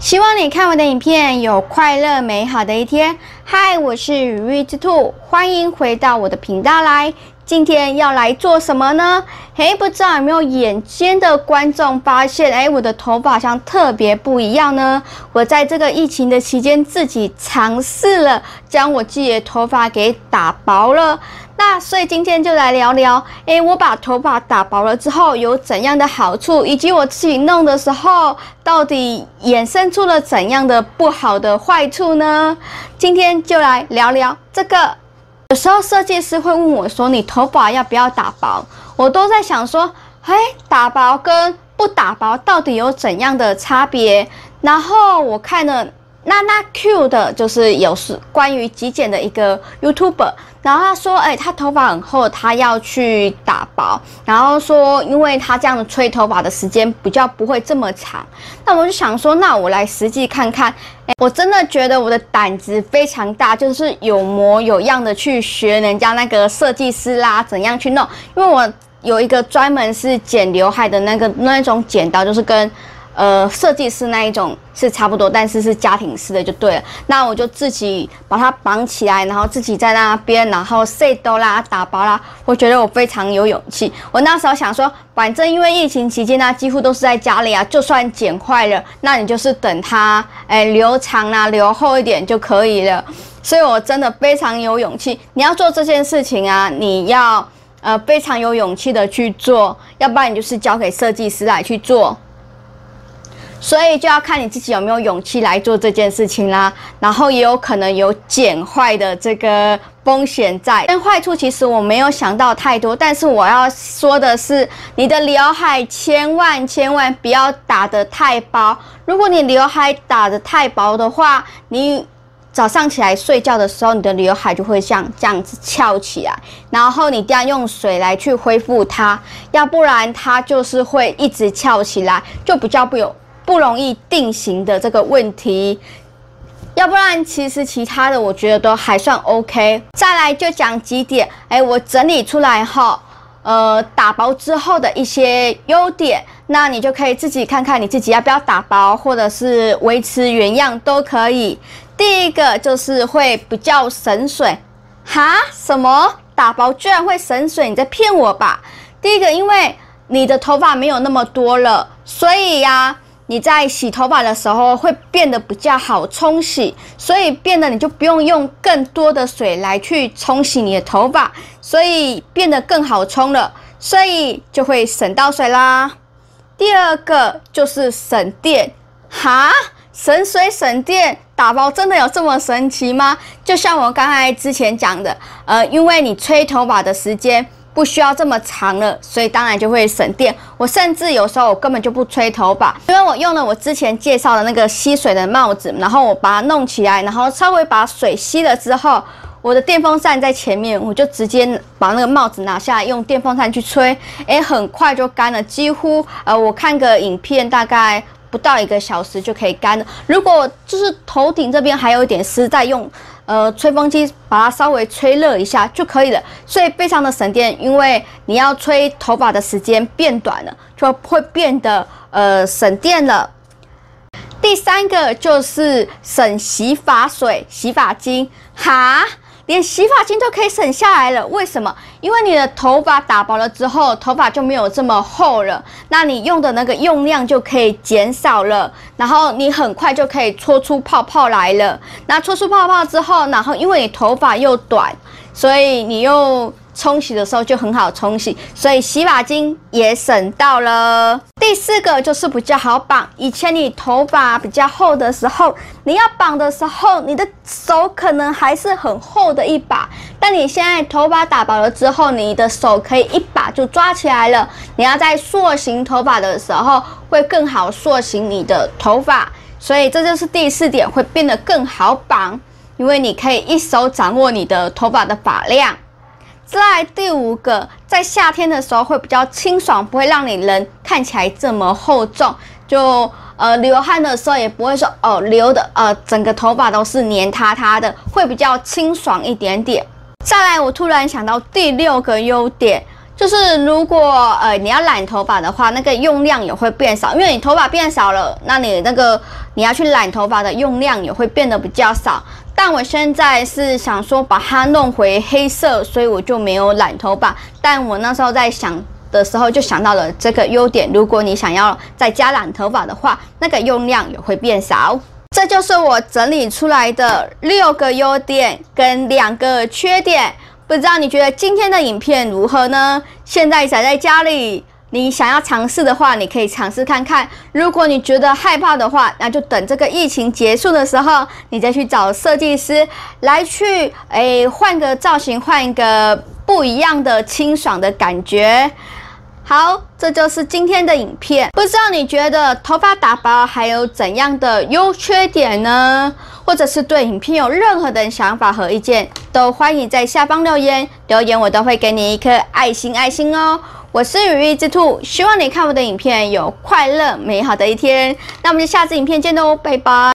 希望你看我的影片，有快樂美好的一天。嗨，我是羽翼之兔，歡迎回到我的頻道來。今天要來做什麼呢？哎，不知道有沒有眼尖的觀眾發現，哎，我的頭髮好像特別不一樣呢。我在這個疫情的期間自己嘗試了將我自己的頭髮給打薄了。那所以今天就來聊聊，哎，我把頭髮打薄了之後有怎樣的好處，以及我自己弄的時候到底衍生出了怎樣的不好的壞處呢？今天就來聊聊這個。有時候設計師會問我說，說你頭髮要不要打薄？我都在想說，誒，打薄跟不打薄到底有怎樣的差別？然後我看了。NanaQ 的就是有是關於極簡的一個 YouTuber，然後他說，哎、欸，他頭髮很厚，他要去打薄，然後說，因為他這樣的吹頭髮的時間比較不會這麼長。那我就想說，那我來實際看看、欸，我真的覺得我的膽子非常大，就是有模有樣的去學人家那個設計師啦，怎樣去弄，因為我有一個專門是剪劉海的那個那一種剪刀，就是跟。呃，設計師那一種是差不多，但是是家庭式的就對了。那我就自己把它綁起來，然後自己在那邊，然後塞都啦打包啦。我覺得我非常有勇氣。我那時候想說，反正因為疫情期間呢，啊，幾乎都是在家裡啊，就算剪壞了，那你就是等它，哎，欸，留長啊，留厚一點就可以了。所以我真的非常有勇氣。你要做這件事情啊，你要呃非常有勇氣的去做，要不然你就是交給設計師來去做。所以就要看你自己有沒有勇氣來做這件事情啦。然後也有可能有剪壞的這個風險在。但壞處其實我沒有想到太多，但是我要說的是，你的劉海千萬千萬不要打得太薄。如果你劉海打得太薄的話，你早上起來睡覺的時候，你的劉海就會像這樣子翹起來。然後你這樣用水來去恢復它，要不然它就是會一直翹起來，就比較不有。不容易定型的這個問題，要不然其實其他的我覺得都還算 OK。再來就講幾點，哎、欸，我整理出來哈，呃，打薄之後的一些優點，那你就可以自己看看你自己要不要打薄，或者是維持原樣都可以。第一個就是會比較省水，哈？什麼？打薄居然會省水？你在騙我吧？第一個，因為你的頭髮沒有那麼多了，所以呀、啊。你在洗頭髮的時候會變得比較好沖洗，所以變得你就不用用更多的水來去沖洗你的頭髮，所以變得更好沖了，所以就會省到水啦。第二個就是省電哈，省水省電，打薄真的有這麼神奇嗎？就像我剛才之前講的，呃，因為你吹頭髮的時間。不需要這麼長了，所以當然就會省電。我甚至有時候我根本就不吹頭髮，因為我用了我之前介紹的那個吸水的帽子，然後我把它弄起來，然後稍微把水吸了之後，我的電風扇在前面，我就直接把那個帽子拿下來，來用電風扇去吹，誒、欸，很快就乾了，幾乎呃，我看個影片大概不到一個小時就可以乾了。如果就是頭頂這邊還有一點濕，在用。呃，吹風機把它稍微吹熱一下就可以了，所以非常的省電，因為你要吹頭髮的時間變短了，就會變得呃省電了。第三個就是省洗髮水、洗髮精，哈。連洗髮精都可以省下來了，為什麼？因為你的頭髮打薄了之後，頭髮就沒有這麼厚了，那你用的那個用量就可以減少了，然後你很快就可以搓出泡泡來了。那搓出泡泡之後，然後因為你頭髮又短，所以你又。沖洗的時候就很好沖洗，所以洗髮精也省到了。第四個就是比較好綁。以前你頭髮比較厚的時候，你要綁的時候，你的手可能還是很厚的一把。但你現在頭髮打薄了之後，你的手可以一把就抓起來了。你要在塑形頭髮的時候，會更好塑形你的頭髮。所以這就是第四點，會變得更好綁，因為你可以一手掌握你的頭髮的髮量。再來第五個，在夏天的時候會比較清爽，不會讓你人看起來這麼厚重。就呃流汗的時候也不會說哦，呃、流的呃整個頭髮都是黏塌塌的，會比較清爽一點點。再來，我突然想到第六個優點，就是如果呃你要染頭髮的話，那個用量也會變少，因為你頭髮變少了，那你那個你要去染頭髮的用量也會變得比較少。但我現在是想說把它弄回黑色，所以我就沒有染頭髮。但我那時候在想的時候，就想到了這個優點。如果你想要在家染頭髮的話，那個用量也會變少。這就是我整理出來的六個優點跟兩個缺點。不知道你覺得今天的影片如何呢？現在宅在家裡。你想要嘗試的話，你可以嘗試看看。如果你覺得害怕的話，那就等這個疫情結束的時候，你再去找設計師來去，哎、欸，換個造型，換一個不一樣的清爽的感覺。好，這就是今天的影片。不知道你覺得頭髮打薄還有怎樣的優缺點呢？或者是對影片有任何的想法和意見，都歡迎在下方留言。留言我都會給你一顆愛心，愛心哦。我是羽翼之兔，希望你看我的影片有快樂美好的一天。那我們就下次影片見嘍，拜拜。